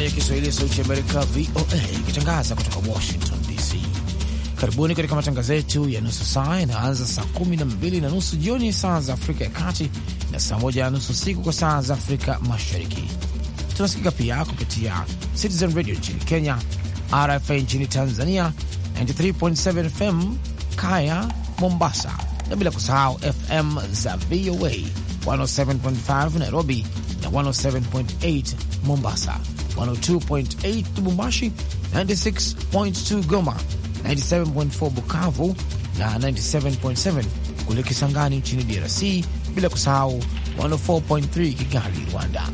idhaa ya Kiswahili ya Sauti ya Amerika, VOA, ikitangaza kutoka Washington DC. Karibuni katika matangazo yetu ya nusu saa Inaanza saa kumi na mbili na nusu jioni saa za Afrika ya Kati na saa moja na nusu usiku kwa saa za Afrika Mashariki. Tunasikika pia kupitia Citizen Radio nchini Kenya, RFA nchini Tanzania, 93.7 FM Kaya Mombasa, na bila kusahau FM za VOA 107.5 Nairobi na 107.8 Mombasa 102.8 Lubumbashi, 96.2 Goma, 97.4 Bukavu na 97.7 kule Kisangani nchini DRC, bila kusahau 104.3 Kigali, Rwanda.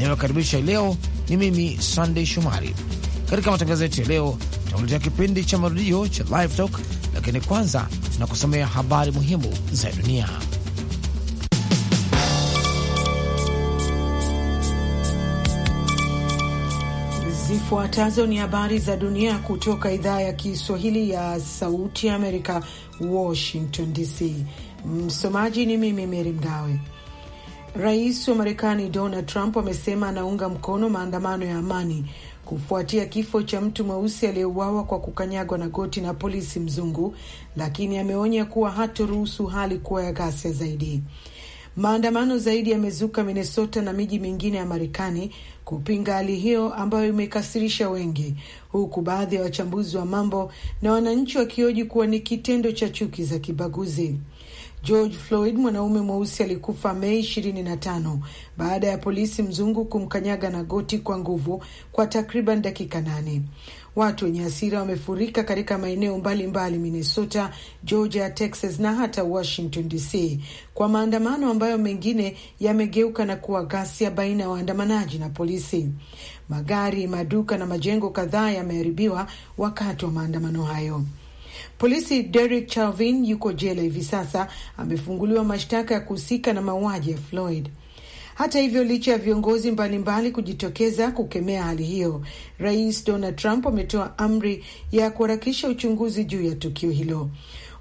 Inayokaribisha leo ni mimi Sunday Shomari. Katika matangazo yetu ya leo, tutakuletea kipindi cha marudio cha Live Talk, lakini kwanza tunakusomea habari muhimu za dunia. Zifuatazo ni habari za dunia kutoka idhaa ya Kiswahili ya Sauti ya Amerika, Washington DC. Msomaji ni mimi Meri Mgawe. Rais wa Marekani Donald Trump amesema anaunga mkono maandamano ya amani kufuatia kifo cha mtu mweusi aliyeuawa kwa kukanyagwa na goti na polisi mzungu, lakini ameonya kuwa hatoruhusu hali kuwa ya ghasia zaidi. Maandamano zaidi yamezuka Minnesota na miji mingine ya Marekani kupinga hali hiyo ambayo imekasirisha wengi, huku baadhi ya wachambuzi wa mambo na wananchi wakioji kuwa ni kitendo cha chuki za kibaguzi. George Floyd mwanaume mweusi alikufa Mei 25 baada ya polisi mzungu kumkanyaga na goti kwa nguvu kwa takriban dakika nane. Watu wenye hasira wamefurika katika maeneo mbalimbali Minnesota, Georgia, Texas na hata Washington DC kwa maandamano ambayo mengine yamegeuka na kuwa ghasia baina ya waandamanaji na polisi. Magari, maduka na majengo kadhaa yameharibiwa wakati wa maandamano hayo. Polisi Derek Chauvin yuko jela hivi sasa, amefunguliwa mashtaka ya kuhusika na mauaji ya Floyd. Hata hivyo, licha ya viongozi mbalimbali kujitokeza kukemea hali hiyo, Rais Donald Trump ametoa amri ya kuharakisha uchunguzi juu ya tukio hilo.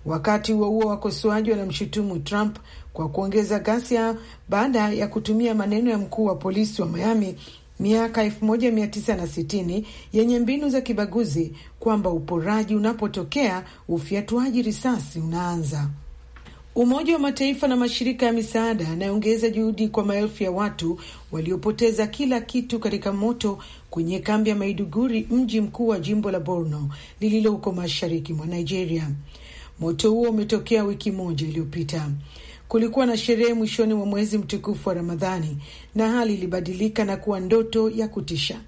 Wakati huo huo, wakosoaji wanamshutumu Trump kwa kuongeza ghasia baada ya kutumia maneno ya mkuu wa polisi wa Miami miaka 1960 yenye mbinu za kibaguzi kwamba uporaji unapotokea, ufyatuaji risasi unaanza. Umoja wa Mataifa na mashirika ya misaada yanayoongeza juhudi kwa maelfu ya watu waliopoteza kila kitu katika moto kwenye kambi ya Maiduguri, mji mkuu wa jimbo la Borno lililoko mashariki mwa Nigeria. Moto huo umetokea wiki moja iliyopita. Kulikuwa na sherehe mwishoni mwa mwezi mtukufu wa Ramadhani na hali ilibadilika na kuwa ndoto ya kutisha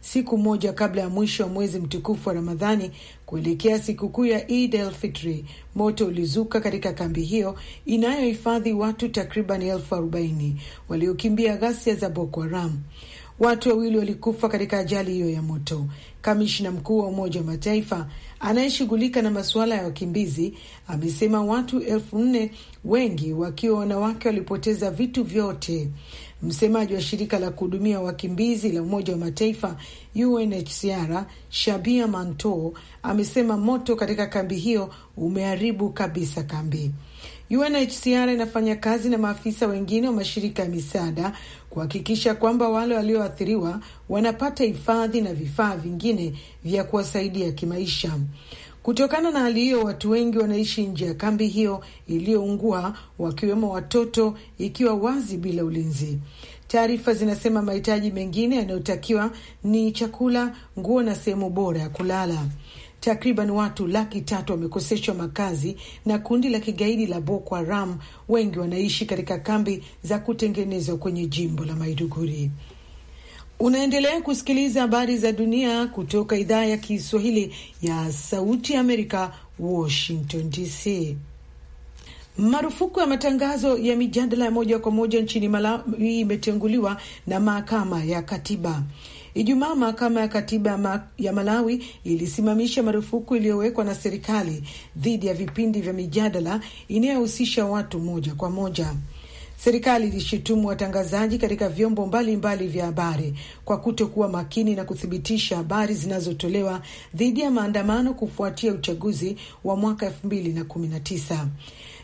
siku moja kabla ya mwisho wa mwezi mtukufu wa Ramadhani kuelekea sikukuu ya Eid al-Fitri. Moto ulizuka katika kambi hiyo inayohifadhi watu takriban elfu arobaini waliokimbia ghasia za Boko Haram. Watu wawili walikufa katika ajali hiyo ya moto. Kamishna mkuu wa Umoja wa Mataifa anayeshughulika na masuala ya wakimbizi amesema watu elfu nne, wengi wakiwa wanawake, walipoteza vitu vyote. Msemaji wa shirika la kuhudumia wakimbizi la Umoja wa Mataifa UNHCR Shabia Manto amesema moto katika kambi hiyo umeharibu kabisa kambi. UNHCR inafanya kazi na maafisa wengine wa mashirika ya misaada kuhakikisha kwamba wale walioathiriwa wanapata hifadhi na vifaa vingine vya kuwasaidia kimaisha. Kutokana na hali hiyo, watu wengi wanaishi nje ya kambi hiyo iliyoungua, wakiwemo watoto, ikiwa wazi bila ulinzi. Taarifa zinasema mahitaji mengine yanayotakiwa ni chakula, nguo na sehemu bora ya kulala. Takriban watu laki tatu wamekoseshwa makazi na kundi la kigaidi la Boko Haram. Wengi wanaishi katika kambi za kutengenezwa kwenye jimbo la Maiduguri. Unaendelea kusikiliza habari za dunia kutoka idhaa ya Kiswahili ya Sauti ya Amerika, Washington DC. Marufuku ya matangazo ya mijadala ya moja kwa moja nchini Malawi imetenguliwa na mahakama ya katiba. Ijumaa mahakama ya katiba ya Malawi ilisimamisha marufuku iliyowekwa na serikali dhidi ya vipindi vya mijadala inayohusisha watu moja kwa moja. Serikali ilishitumu watangazaji katika vyombo mbalimbali vya habari kwa kutokuwa makini na kuthibitisha habari zinazotolewa dhidi ya maandamano kufuatia uchaguzi wa mwaka elfu mbili na kumi na tisa.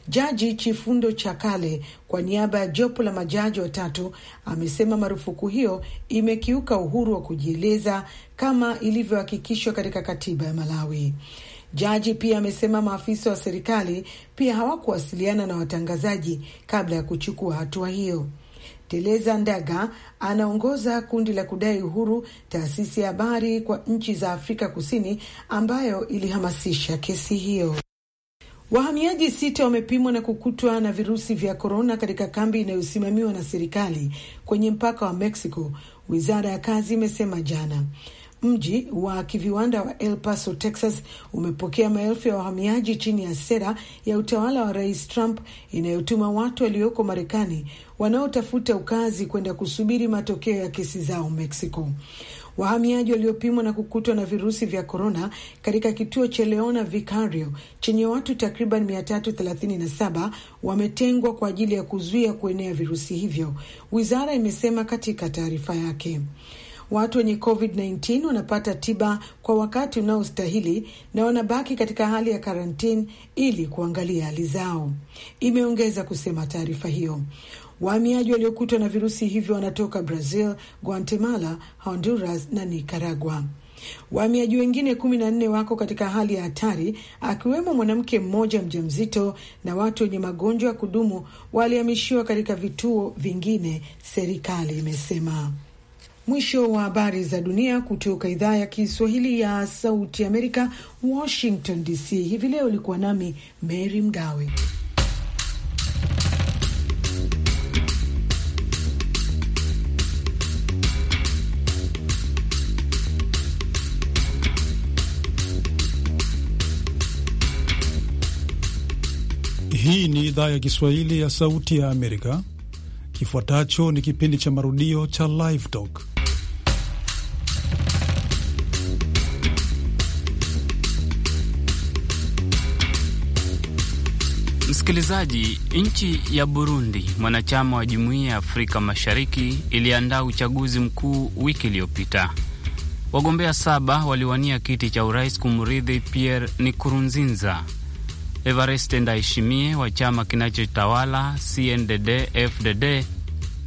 Jaji Chifundo Chakale kwa niaba ya jopo la majaji watatu amesema marufuku hiyo imekiuka uhuru wa kujieleza kama ilivyohakikishwa katika katiba ya Malawi. Jaji pia amesema maafisa wa serikali pia hawakuwasiliana na watangazaji kabla ya kuchukua hatua hiyo. Teleza Ndaga anaongoza kundi la kudai uhuru, taasisi ya habari kwa nchi za Afrika Kusini ambayo ilihamasisha kesi hiyo. Wahamiaji sita wamepimwa na kukutwa na virusi vya korona katika kambi inayosimamiwa na serikali kwenye mpaka wa Mexico, wizara ya kazi imesema jana. Mji wa kiviwanda wa El Paso, Texas, umepokea maelfu ya wahamiaji chini ya sera ya utawala wa Rais Trump inayotuma watu walioko Marekani wanaotafuta ukazi kwenda kusubiri matokeo ya kesi zao Mexico. Wahamiaji waliopimwa na kukutwa na virusi vya korona katika kituo cha Leona Vicario chenye watu takriban 337 wametengwa kwa ajili ya kuzuia kuenea virusi hivyo, wizara imesema katika taarifa yake watu wenye COVID-19 wanapata tiba kwa wakati unaostahili na wanabaki katika hali ya karantini ili kuangalia hali zao, imeongeza kusema taarifa hiyo. Wahamiaji waliokutwa na virusi hivyo wanatoka Brazil, Guatemala, Honduras na Nicaragua. Wahamiaji wengine kumi na nne wako katika hali ya hatari, akiwemo mwanamke mmoja mjamzito na watu wenye magonjwa ya kudumu walihamishiwa katika vituo vingine, serikali imesema. Mwisho wa habari za dunia kutoka idhaa ya Kiswahili ya Sauti Amerika, Washington DC. Hivi leo ulikuwa nami Mary Mgawe. Hii ni idhaa ya Kiswahili ya Sauti ya Amerika. Kifuatacho ni kipindi cha marudio cha Live Talk. Msikilizaji, nchi ya Burundi, mwanachama wa jumuiya ya Afrika Mashariki, iliandaa uchaguzi mkuu wiki iliyopita. Wagombea saba waliwania kiti cha urais kumrithi Pierre Nkurunziza. Evariste Ndayishimiye wa chama kinachotawala CNDD-FDD,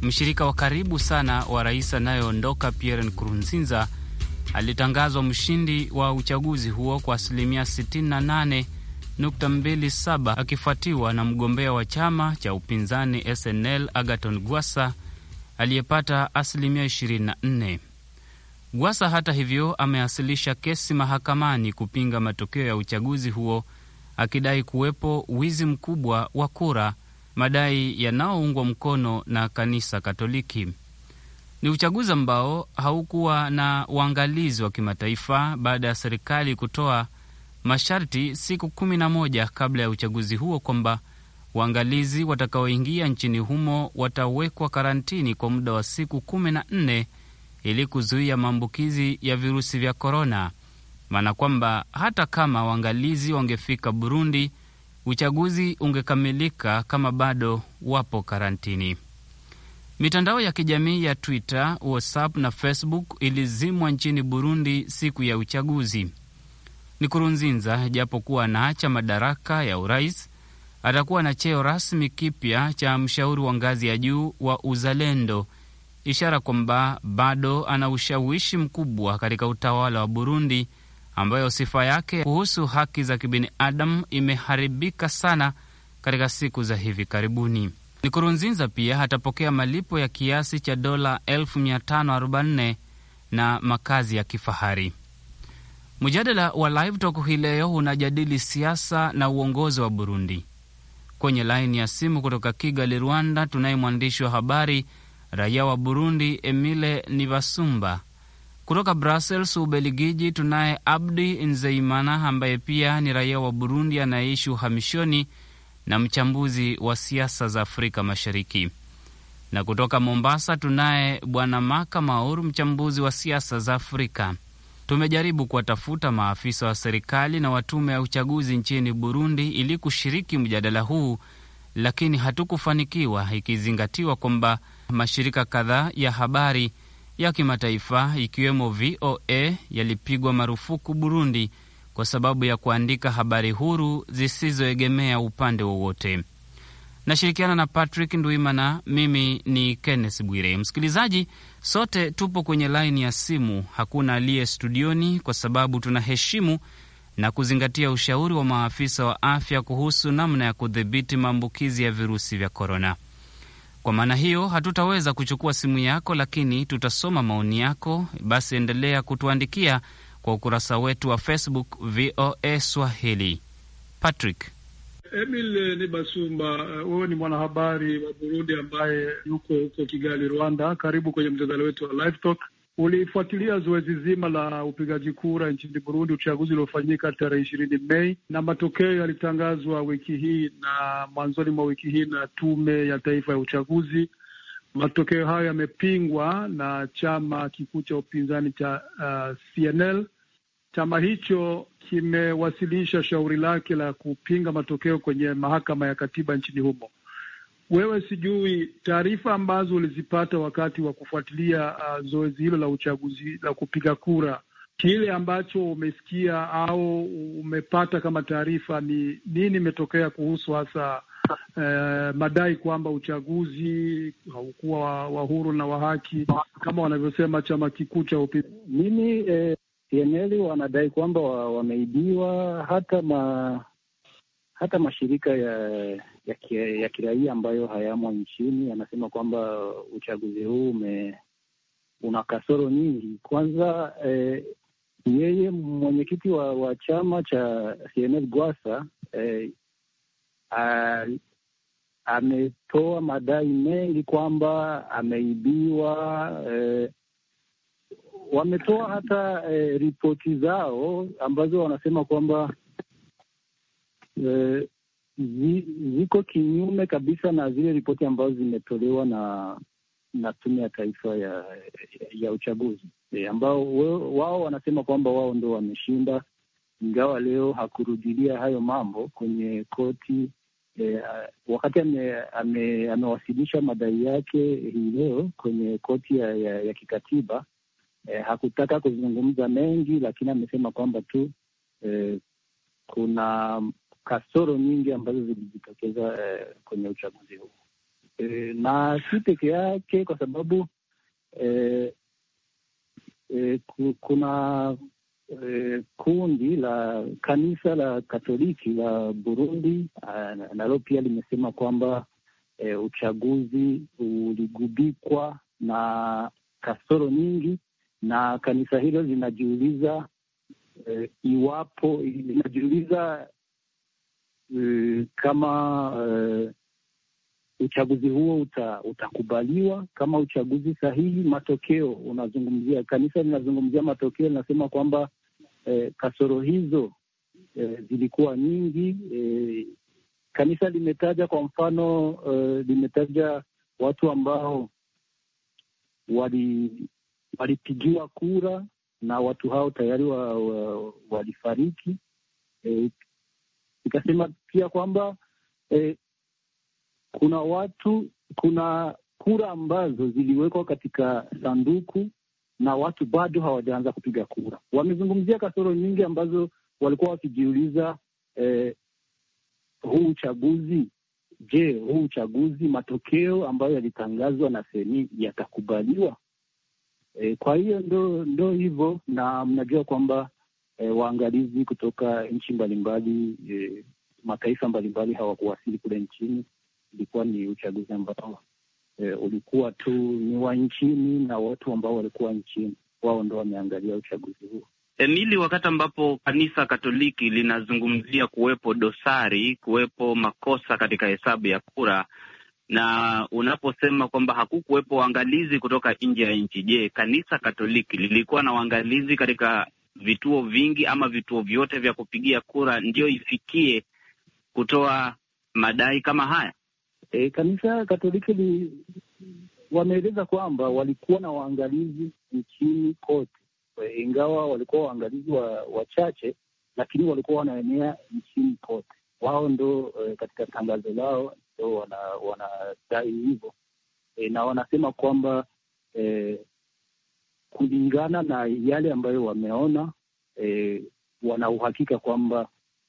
mshirika wa karibu sana wa rais anayeondoka Pierre Nkurunziza, alitangazwa mshindi wa uchaguzi huo kwa asilimia 68 9.27 akifuatiwa na mgombea wa chama cha upinzani SNL Agaton Gwasa aliyepata asilimia 24. Gwasa hata hivyo amewasilisha kesi mahakamani kupinga matokeo ya uchaguzi huo akidai kuwepo wizi mkubwa wa kura, madai yanayoungwa mkono na kanisa Katoliki. Ni uchaguzi ambao haukuwa na uangalizi wa kimataifa baada ya serikali kutoa masharti siku kumi na moja kabla ya uchaguzi huo kwamba waangalizi watakaoingia nchini humo watawekwa karantini kwa muda wa siku kumi na nne ili kuzuia maambukizi ya virusi vya korona, maana kwamba hata kama waangalizi wangefika Burundi, uchaguzi ungekamilika kama bado wapo karantini. Mitandao ya kijamii ya Twitter, WhatsApp na Facebook ilizimwa nchini Burundi siku ya uchaguzi. Nkurunziza kuwa anaacha madaraka ya urais, atakuwa na cheo rasmi kipya cha mshauri wa ngazi ya juu wa uzalendo, ishara kwamba bado ana ushawishi mkubwa katika utawala wa Burundi, ambayo sifa yake kuhusu haki za kibinadamu imeharibika sana katika siku za hivi karibuni. Nkurunziza pia atapokea malipo ya kiasi cha dola elfu na makazi ya kifahari. Mjadala wa Live Talk hii leo unajadili siasa na uongozi wa Burundi. Kwenye laini ya simu kutoka Kigali, Rwanda, tunaye mwandishi wa habari raia wa Burundi Emile Nivasumba. Kutoka Brussels, Ubeligiji, tunaye Abdi Nzeimana ambaye pia ni raia wa Burundi anayeishi uhamishoni na mchambuzi wa siasa za Afrika Mashariki. Na kutoka Mombasa tunaye Bwana Maka Maur, mchambuzi wa siasa za Afrika Tumejaribu kuwatafuta maafisa wa serikali na watume ya uchaguzi nchini Burundi ili kushiriki mjadala huu, lakini hatukufanikiwa, ikizingatiwa kwamba mashirika kadhaa ya habari ya kimataifa ikiwemo VOA yalipigwa marufuku Burundi kwa sababu ya kuandika habari huru zisizoegemea upande wowote nashirikiana na Patrick Ndwimana. Mimi ni Kenneth Bwire. Msikilizaji, sote tupo kwenye laini ya simu, hakuna aliye studioni kwa sababu tunaheshimu na kuzingatia ushauri wa maafisa wa afya kuhusu namna ya kudhibiti maambukizi ya virusi vya korona. Kwa maana hiyo hatutaweza kuchukua simu yako, lakini tutasoma maoni yako. Basi endelea kutuandikia kwa ukurasa wetu wa Facebook VOA Swahili. Patrick Emil Nibasumba, eh, wewe ni mwanahabari wa Burundi ambaye yuko huko Kigali, Rwanda. Karibu kwenye mjadala wetu wa Live Talk. Ulifuatilia zoezi zima la upigaji kura nchini Burundi, uchaguzi uliofanyika tarehe ishirini Mei, na matokeo yalitangazwa wiki hii na mwanzoni mwa wiki hii na Tume ya Taifa ya Uchaguzi. Matokeo hayo yamepingwa na chama kikuu cha upinzani cha uh, eh, CNL. Chama hicho kimewasilisha shauri lake la kupinga matokeo kwenye mahakama ya katiba nchini humo. Wewe, sijui taarifa ambazo ulizipata wakati wa kufuatilia uh, zoezi hilo la uchaguzi la kupiga kura, kile ambacho umesikia au umepata kama taarifa ni nini imetokea kuhusu hasa uh, madai kwamba uchaguzi haukuwa wa huru na wa haki kama wanavyosema chama kikuu cha upinzani? Mimi eh, CNL wanadai kwamba wameibiwa, hata ma, hata mashirika ya ya, ya kiraia ambayo hayamo nchini yanasema kwamba uchaguzi huu ume, una kasoro nyingi. Kwanza eh, yeye mwenyekiti wa, wa chama cha CNL Gwasa eh, ametoa madai mengi kwamba ameibiwa eh, wametoa hata eh, ripoti zao ambazo wanasema kwamba eh, ziko kinyume kabisa na zile ripoti ambazo zimetolewa na na Tume ya Taifa ya ya Uchaguzi e, ambao wao wanasema kwamba wao ndo wameshinda, ingawa leo hakurudilia hayo mambo kwenye koti e, wakati amewasilisha ame, ame madai yake hii leo kwenye koti ya, ya, ya kikatiba eh, hakutaka kuzungumza mengi, lakini amesema kwamba tu eh, kuna kasoro nyingi ambazo zilijitokeza eh, kwenye uchaguzi huu eh, na si peke yake, kwa sababu eh, eh, kuna eh, kundi la kanisa la Katoliki la Burundi eh, nalo pia limesema kwamba e, uchaguzi uligubikwa na kasoro nyingi na kanisa hilo linajiuliza eh, iwapo linajiuliza eh, kama e, uchaguzi huo uta, utakubaliwa kama uchaguzi sahihi. Matokeo unazungumzia, kanisa linazungumzia matokeo, linasema kwamba e, kasoro hizo e, zilikuwa nyingi e, kanisa limetaja kwa mfano uh, limetaja watu ambao wali walipigiwa kura na watu hao tayari wa, wa, walifariki. E, ikasema pia kwamba e, kuna watu kuna kura ambazo ziliwekwa katika sanduku na watu bado hawajaanza kupiga kura. Wamezungumzia kasoro nyingi ambazo walikuwa wakijiuliza e, huu uchaguzi Je, huu uchaguzi matokeo ambayo yalitangazwa na seni yatakubaliwa? E, kwa hiyo ndo ndo hivyo, na mnajua kwamba e, waangalizi kutoka nchi mbalimbali e, mataifa mbalimbali hawakuwasili kule nchini. Ilikuwa ni uchaguzi ambao e, ulikuwa tu ni wa nchini na watu ambao walikuwa nchini wao ndo wameangalia uchaguzi huo. Emili, wakati ambapo kanisa Katoliki linazungumzia kuwepo dosari, kuwepo makosa katika hesabu ya kura, na unaposema kwamba hakukuwepo waangalizi kutoka nje ya nchi, je, kanisa Katoliki lilikuwa na waangalizi katika vituo vingi ama vituo vyote vya kupigia kura ndio ifikie kutoa madai kama haya? E, kanisa Katoliki li wameeleza kwamba walikuwa na waangalizi nchini kote, e, ingawa walikuwa waangalizi wachache wa, lakini walikuwa wanaenea nchini kote. Wao ndo e, katika tangazo lao so wanadai wana hivyo e, na wanasema kwamba e, kulingana na yale ambayo wameona e, wanauhakika kwamba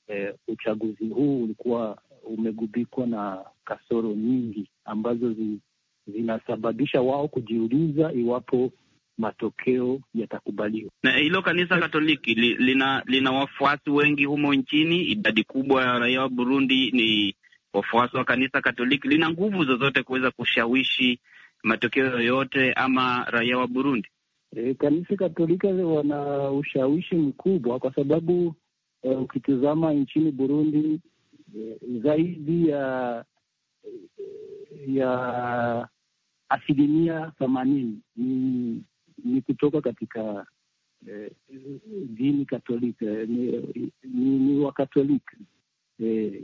e, uchaguzi huu ulikuwa umegubikwa na kasoro nyingi ambazo zi, zinasababisha wao kujiuliza iwapo matokeo yatakubaliwa. Na hilo kanisa Katoliki li, lina, lina wafuasi wengi humo nchini. Idadi kubwa ya raia wa Burundi ni wafuasi wa kanisa Katoliki lina nguvu zozote kuweza kushawishi matokeo yoyote ama raia wa Burundi? E, kanisa Katoliki wana ushawishi mkubwa kwa sababu e, ukitizama nchini Burundi e, zaidi ya ya asilimia themanini ni, ni kutoka katika e, dini katoliki e, ni, ni, ni Wakatoliki e,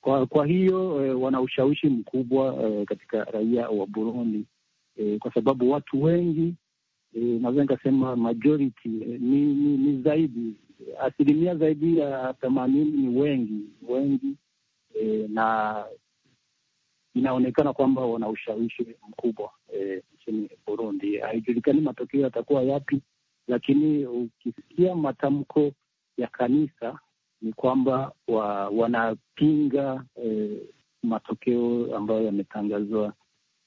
kwa, kwa hiyo eh, wana ushawishi mkubwa eh, katika raia wa Burundi eh, kwa sababu watu wengi eh, naweza nikasema majority eh, ni, ni, ni zaidi asilimia zaidi ya themanini ni wengi wengi eh, na inaonekana kwamba wana ushawishi mkubwa eh, nchini eh, Burundi. Haijulikani matokeo yatakuwa yapi, lakini ukisikia matamko ya kanisa ni kwamba wa, wanapinga eh, matokeo ambayo yametangazwa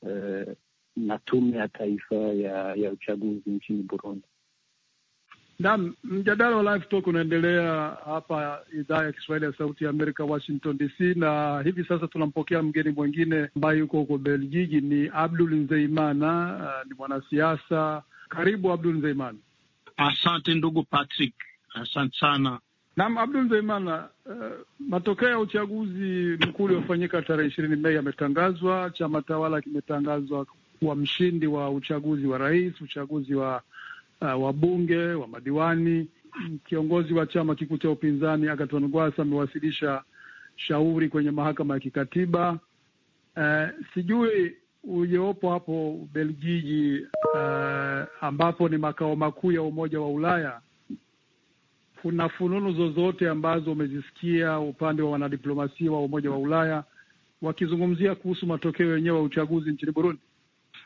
eh, na tume ya taifa ya, ya uchaguzi nchini Burundi. Naam, mjadala wa Live Talk unaendelea hapa idhaa ya Kiswahili ya Sauti ya Amerika, Washington DC, na hivi sasa tunampokea mgeni mwingine ambaye yuko huko Belgiji. Ni Abdul Nzeimana, uh, ni mwanasiasa. Karibu Abdul Nzeimana. Asante ndugu Patrick, asante sana Naam, Abdul Zeimana, uh, eh, matokeo ya uchaguzi mkuu uliofanyika tarehe ishirini Mei yametangazwa. Chama tawala kimetangazwa kuwa mshindi wa uchaguzi wa rais, uchaguzi wa uh, eh, wabunge wa madiwani. Kiongozi wa chama kikuu cha upinzani Agathon Gwasa amewasilisha shauri kwenye mahakama ya kikatiba. Uh, sijui uliopo hapo Belgiji, uh, ambapo ni makao makuu ya Umoja wa Ulaya kuna fununu zozote ambazo umezisikia upande wa wanadiplomasia wa Umoja wa Ulaya wakizungumzia kuhusu matokeo yenyewe ya uchaguzi nchini Burundi?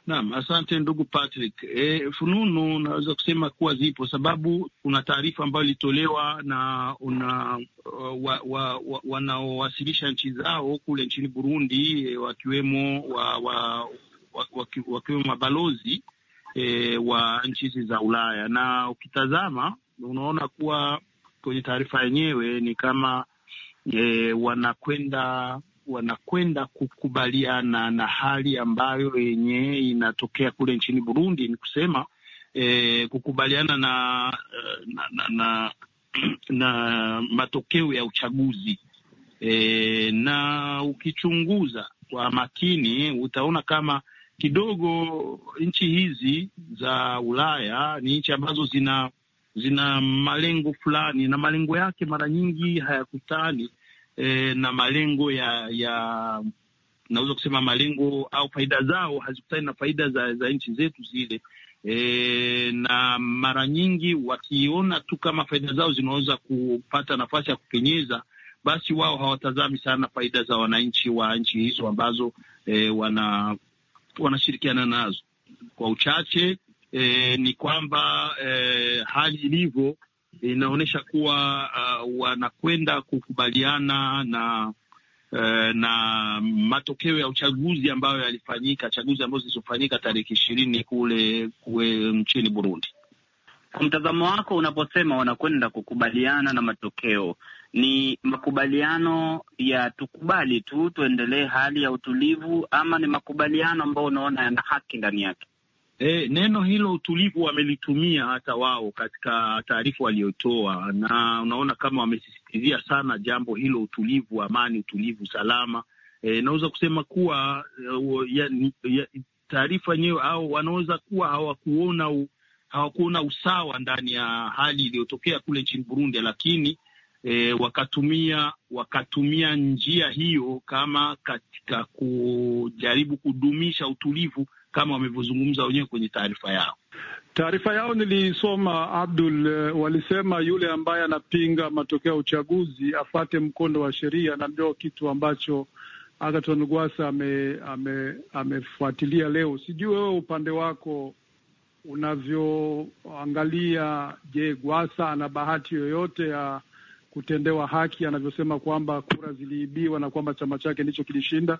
Naam, asante ndugu Patrick. E, fununu naweza kusema kuwa zipo, sababu kuna taarifa ambayo ilitolewa na una wanaowasilisha wa, wa, wa nchi zao kule nchini Burundi e, wakiwemo wa, wa, wakiwemo mabalozi e, wa nchi hizi za Ulaya na ukitazama unaona kuwa kwenye taarifa yenyewe ni kama e, wanakwenda wanakwenda kukubaliana na hali ambayo yenye inatokea kule nchini Burundi. Ni kusema e, kukubaliana na na, na, na na matokeo ya uchaguzi e, na ukichunguza kwa makini utaona kama kidogo nchi hizi za Ulaya ni nchi ambazo zina zina malengo fulani, na malengo yake mara nyingi hayakutani e, na malengo ya ya naweza kusema malengo au faida zao hazikutani na faida za, za nchi zetu zile. E, na mara nyingi wakiona tu kama faida zao zinaweza kupata nafasi ya kupenyeza, basi wao hawatazami sana faida za wananchi wa nchi hizo ambazo e, wana wanashirikiana nazo. Kwa uchache e, ni kwamba e, hali ilivyo inaonyesha kuwa uh, wanakwenda kukubaliana na uh, na matokeo ya uchaguzi ambayo yalifanyika, chaguzi ambazo zilizofanyika tarehe ishirini kule nchini Burundi. Kwa mtazamo wako, unaposema wanakwenda kukubaliana na matokeo, ni makubaliano ya tukubali tu tuendelee hali ya utulivu, ama ni makubaliano ambayo unaona yana haki ndani yake? E, neno hilo utulivu wamelitumia hata wao katika taarifa waliotoa, na unaona kama wamesisitizia sana jambo hilo, utulivu, amani, utulivu, salama. E, naweza kusema kuwa e, taarifa yenyewe au wanaweza kuwa hawakuona hawakuona usawa ndani ya hali iliyotokea kule nchini Burundi, lakini e, wakatumia wakatumia njia hiyo kama katika kujaribu kudumisha utulivu kama wamevyozungumza wenyewe kwenye taarifa yao. Taarifa yao nilisoma, Abdul. Eh, walisema yule ambaye anapinga matokeo ya uchaguzi afate mkondo wa sheria, na ndio kitu ambacho Agathon Rwasa ame, ame, amefuatilia leo. Sijui wewe upande wako unavyoangalia. Je, Gwasa ana bahati yoyote ya kutendewa haki anavyosema kwamba kura ziliibiwa na kwamba chama chake ndicho kilishinda?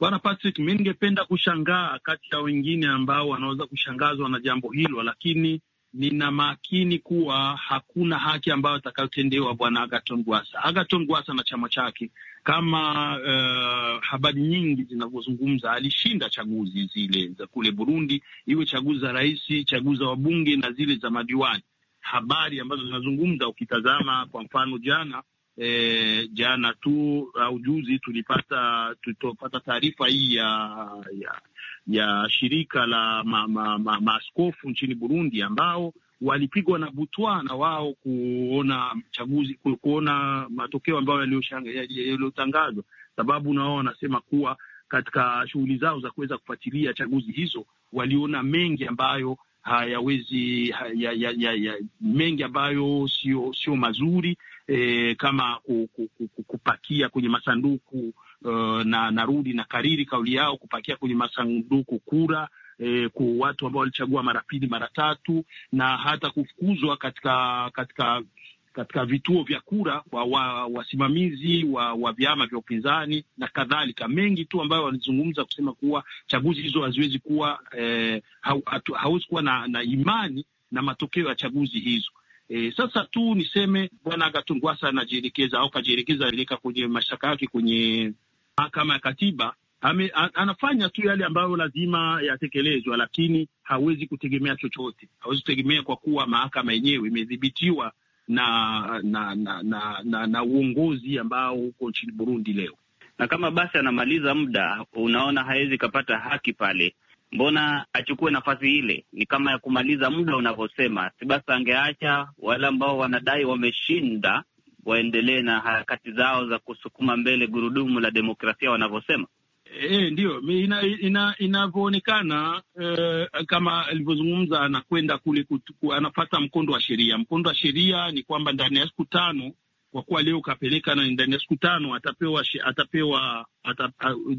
Bwana Patrick, mi ningependa kushangaa kati ya wengine ambao wanaweza kushangazwa na jambo hilo, lakini nina makini kuwa hakuna haki ambayo atakayotendewa bwana Agaton Gwasa. Agaton Gwasa na chama chake, kama uh, habari nyingi zinavyozungumza, alishinda chaguzi zile za kule Burundi, iwe chaguzi za rais, chaguzi za wabunge na zile za madiwani. Habari ambazo zinazungumza, ukitazama kwa mfano jana E, jana tu au juzi tulipata tulipata taarifa hii ya, ya ya shirika la ma, ma, ma, nchini Burundi ambao walipigwa na butwa na wao kuona chaguzi kuona matokeo ambayo yaliyotangazwa, sababu na wao wanasema kuwa katika shughuli zao za kuweza kufuatilia chaguzi hizo waliona mengi ambayo hayawezi haya, ya, ya, mengi ambayo sio sio mazuri e, kama kupakia kwenye masanduku uh, na narudi na kariri kauli yao kupakia kwenye masanduku kura E, ku watu ambao walichagua mara pili mara tatu na hata kufukuzwa katika katika katika vituo vya kura kwa wa, wasimamizi wa, wa vyama vya upinzani na kadhalika, mengi tu ambayo walizungumza kusema kuwa chaguzi hizo haziwezi kuwa e, hawezi kuwa na, na imani na matokeo ya chaguzi hizo. E, sasa tu niseme bwana Gatungwasa anajielekeza au kajielekeza leka kwenye mashtaka yake kwenye mahakama ya katiba. ame, a, anafanya tu yale ambayo lazima yatekelezwa, lakini hawezi kutegemea chochote, hawezi kutegemea kwa kuwa mahakama yenyewe imedhibitiwa na na na na, na, na uongozi ambao uko nchini Burundi leo, na kama basi anamaliza muda, unaona hawezi kapata haki pale mbona achukue nafasi ile? Ni kama ya kumaliza muda unavyosema. Si basi angeacha wale ambao wanadai wameshinda waendelee na harakati zao za kusukuma mbele gurudumu la demokrasia wanavyosema. E, ndio inavyoonekana ina, ina e, kama alivyozungumza anakwenda kule kutuku, mkondo wa sheria. Mkondo wa sheria ni kwamba ndani ya siku tano kwa kuwa leo kapeleka na ndani ya siku tano atapewa atapewa atap,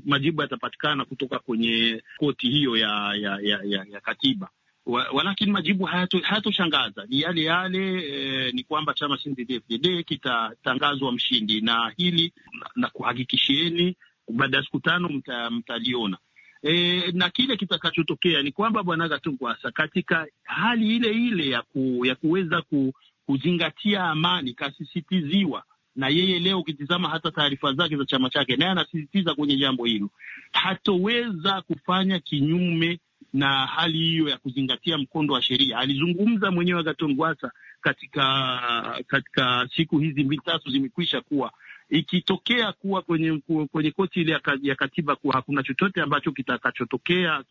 majibu yatapatikana kutoka kwenye koti hiyo ya ya, ya, ya, ya katiba walakini majibu hayatoshangaza ni yale yale. E, ni kwamba chama CNDD-FDD kitatangazwa mshindi, na hili na kuhakikishieni, baada ya siku tano mtaliona. E, na kile kitakachotokea ni kwamba bwana Gatungwasa katika hali ile ile ya, ku, ya kuweza ku, kuzingatia amani kasisitiziwa na yeye leo. Ukitizama hata taarifa zake za chama chake, naye anasisitiza kwenye jambo hilo, hatoweza kufanya kinyume na hali hiyo ya kuzingatia mkondo wa sheria. Alizungumza mwenyewe Gwasa katika katika siku hizi mbili tatu zimekwisha kuwa ikitokea kuwa kwenye kwenye koti ile ya katiba kuwa hakuna chochote ambacho kitakachotokea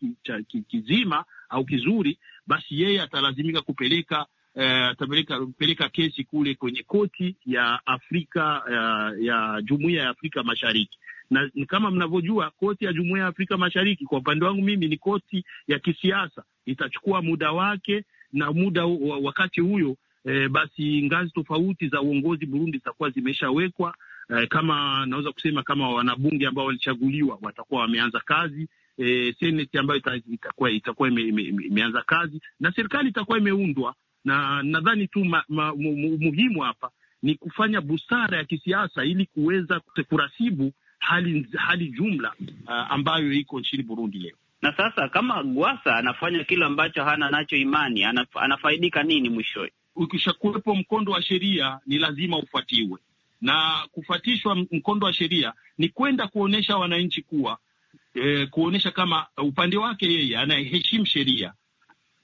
kizima au kizuri, basi yeye atalazimika kupeleka atapeleka eh, kesi kule kwenye koti ya Afrika ya, eh, ya Jumuiya ya Afrika Mashariki na kama mnavyojua koti ya Jumuiya ya Afrika Mashariki kwa upande wangu mimi ni koti ya kisiasa, itachukua muda wake na muda wakati huyo eh, basi ngazi tofauti za uongozi Burundi zitakuwa zimeshawekwa. eh, kama naweza kusema kama wanabunge ambao walichaguliwa watakuwa wameanza kazi eh, seneti ambayo itakuwa itakuwa ime, ime, ime, imeanza kazi na serikali itakuwa imeundwa na nadhani tu muhimu hapa ni kufanya busara ya kisiasa ili kuweza kurasibu hali, hali jumla uh, ambayo iko nchini Burundi leo. Na sasa kama Gwasa anafanya kile ambacho hana nacho imani, anaf, anafaidika nini mwishowe? Ukishakuwepo mkondo wa sheria ni lazima ufuatiwe, na kufuatishwa mkondo wa sheria ni kwenda kuonyesha wananchi kuwa eh, kuonyesha kama upande wake yeye anaheshimu sheria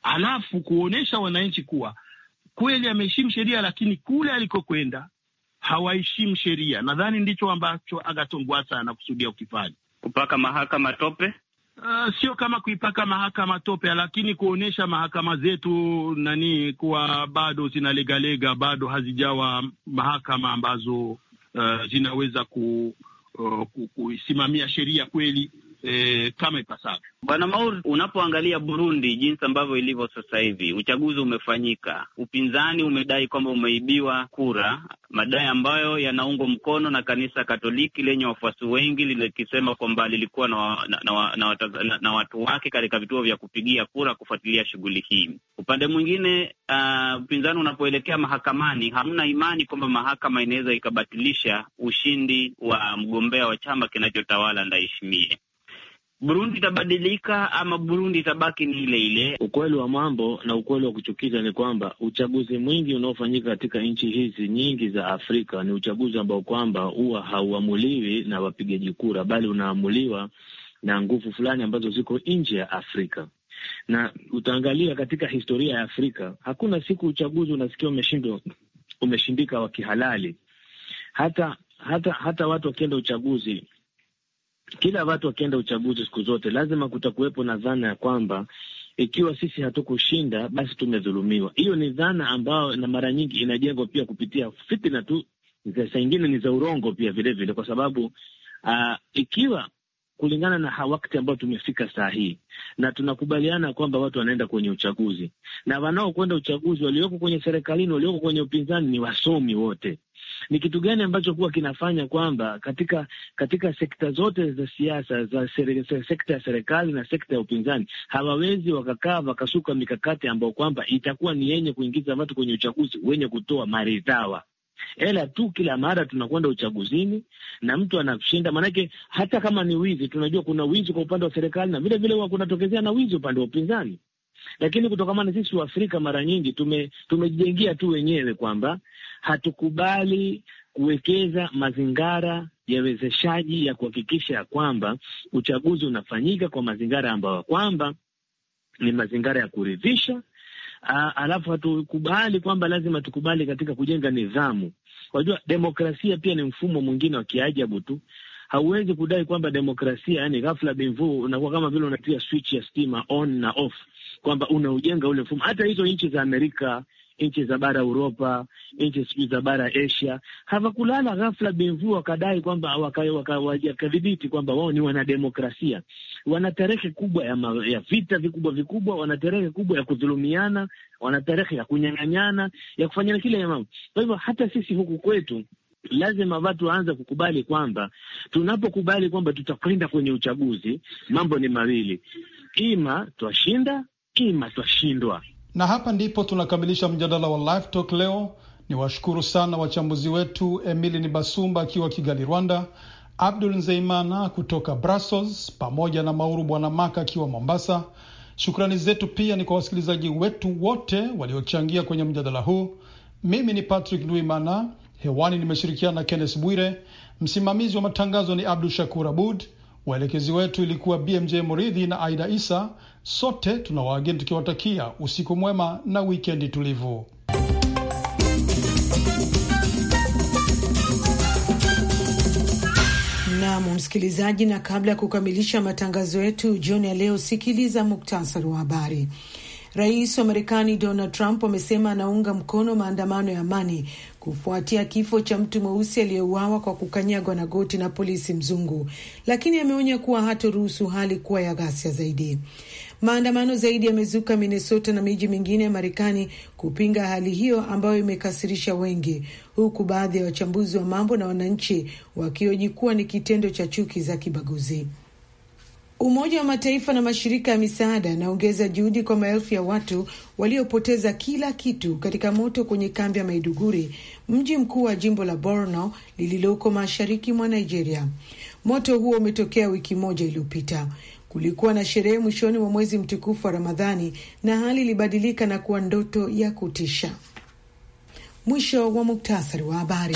alafu kuonyesha wananchi kuwa kweli ameheshimu sheria, lakini kule alikokwenda hawaheshimu sheria. Nadhani ndicho ambacho agatongwa sana anakusudia ukifanya kupaka mahakama tope. Uh, sio kama kuipaka mahakama tope, lakini kuonyesha mahakama zetu nani kuwa bado zinalegalega, bado hazijawa mahakama ambazo uh, zinaweza ku, uh, kuisimamia sheria kweli e, kama ipasavyo. Bwana Maur, unapoangalia Burundi jinsi ambavyo ilivyo sasa hivi, uchaguzi umefanyika, upinzani umedai kwamba umeibiwa kura, madai ambayo yanaungwa mkono na kanisa Katoliki lenye wafuasi wengi likisema kwamba lilikuwa na, na, na, na, na, na watu wake katika vituo vya kupigia kura kufuatilia shughuli hii. Upande mwingine, ah, upinzani uh, unapoelekea mahakamani, hamna imani kwamba mahakama inaweza ikabatilisha ushindi wa mgombea wa chama kinachotawala Ndayishimiye. Burundi itabadilika ama Burundi itabaki ni ile ile? Ukweli wa mambo na ukweli wa kuchukiza ni kwamba uchaguzi mwingi unaofanyika katika nchi hizi nyingi za Afrika ni uchaguzi ambao kwamba huwa hauamuliwi na wapigaji kura, bali unaamuliwa na nguvu fulani ambazo ziko nje ya Afrika na utaangalia katika historia ya Afrika hakuna siku uchaguzi unasikia umeshindwa umeshindika wa kihalali. Hata hata hata watu wakienda uchaguzi kila watu wakienda uchaguzi siku zote lazima kutakuwepo na dhana ya kwamba ikiwa sisi hatukushinda basi tumedhulumiwa. Hiyo ni dhana ambayo na mara nyingi inajengwa pia kupitia fitina tu, saa ingine ni za urongo pia vilevile vile, kwa sababu uh, ikiwa kulingana na wakati ambao tumefika saa hii na tunakubaliana kwamba watu wanaenda kwenye uchaguzi na wanaokwenda uchaguzi walioko kwenye serikalini, walioko kwenye upinzani ni wasomi wote, ni kitu gani ambacho kuwa kinafanya kwamba katika katika sekta zote za siasa za sekta ya serikali na sekta ya upinzani hawawezi wakakaa wakasuka mikakati ambayo kwamba itakuwa ni yenye kuingiza watu kwenye uchaguzi wenye kutoa maridhawa ela tu kila mara tunakwenda uchaguzini na mtu anashinda, maanake hata kama ni wizi, tunajua kuna wizi kwa upande wa serikali na vile vile huwa kunatokezea na wizi upande wa upinzani. Lakini kutokamana sisi Waafrika mara nyingi tume, tumejijengia tu wenyewe kwamba hatukubali kuwekeza mazingara ya wezeshaji ya kuhakikisha ya kwamba uchaguzi unafanyika kwa mazingara ambayo kwamba ni mazingara ya kuridhisha. Alafu hatukubali kwamba lazima tukubali katika kujenga nidhamu. Wajua, demokrasia pia ni mfumo mwingine wa kiajabu tu. Hauwezi kudai kwamba demokrasia, yani ghafla bimvu unakuwa kama vile unatia switch ya stima on na off kwamba unaujenga ule mfumo. Hata hizo nchi za Amerika, nchi za bara Uropa, nchi sijui za bara Asia hawakulala ghafla benvu wakadai kwamba wakadhibiti kwamba wao ni wanademokrasia. Wana tarehe kubwa ya, ma, ya vita vikubwa vikubwa, wana tarehe kubwa ya kudhulumiana, wana tarehe ya kunyang'anyana, ya kufanyana kile ya mambo. Kwa hivyo hata sisi huku kwetu lazima watu waanze kukubali kwamba tunapokubali kwamba tutakwenda kwenye uchaguzi, mambo ni mawili: ima twashinda kima tutashindwa. Na hapa ndipo tunakamilisha mjadala wa Live Talk leo. Ni washukuru sana wachambuzi wetu Emili ni Basumba akiwa Kigali, Rwanda, Abdul Nzeimana kutoka Brussels, pamoja na Mauru Bwanamaka akiwa Mombasa. Shukrani zetu pia ni kwa wasikilizaji wetu wote waliochangia kwenye mjadala huu. Mimi ni Patrick Nduimana, hewani nimeshirikiana na Kenneth Bwire, msimamizi wa matangazo ni Abdu Shakur Abud. Waelekezi wetu ilikuwa BMJ Muridhi na Aida Isa. Sote tuna waageni tukiwatakia usiku mwema na wikendi tulivu. Nam msikilizaji, na kabla ya kukamilisha matangazo yetu jioni ya leo, sikiliza muktasari wa habari. Rais wa Marekani Donald Trump amesema anaunga mkono maandamano ya amani kufuatia kifo cha mtu mweusi aliyeuawa kwa kukanyagwa na goti na polisi mzungu, lakini ameonya kuwa hatoruhusu hali kuwa ya ghasia zaidi. Maandamano zaidi yamezuka Minnesota na miji mingine ya Marekani kupinga hali hiyo ambayo imekasirisha wengi, huku baadhi ya wachambuzi wa mambo na wananchi kuwa ni kitendo cha chuki za kibaguzi. Umoja wa Mataifa na mashirika ya misaada yanaongeza juhudi kwa maelfu ya watu waliopoteza kila kitu katika moto kwenye kambi ya Maiduguri, mji mkuu wa jimbo la Borno lililoko mashariki mwa Nigeria. Moto huo umetokea wiki moja iliyopita. Kulikuwa na sherehe mwishoni mwa mwezi mtukufu wa Ramadhani na hali ilibadilika na kuwa ndoto ya kutisha. Mwisho wa muktasari wa habari.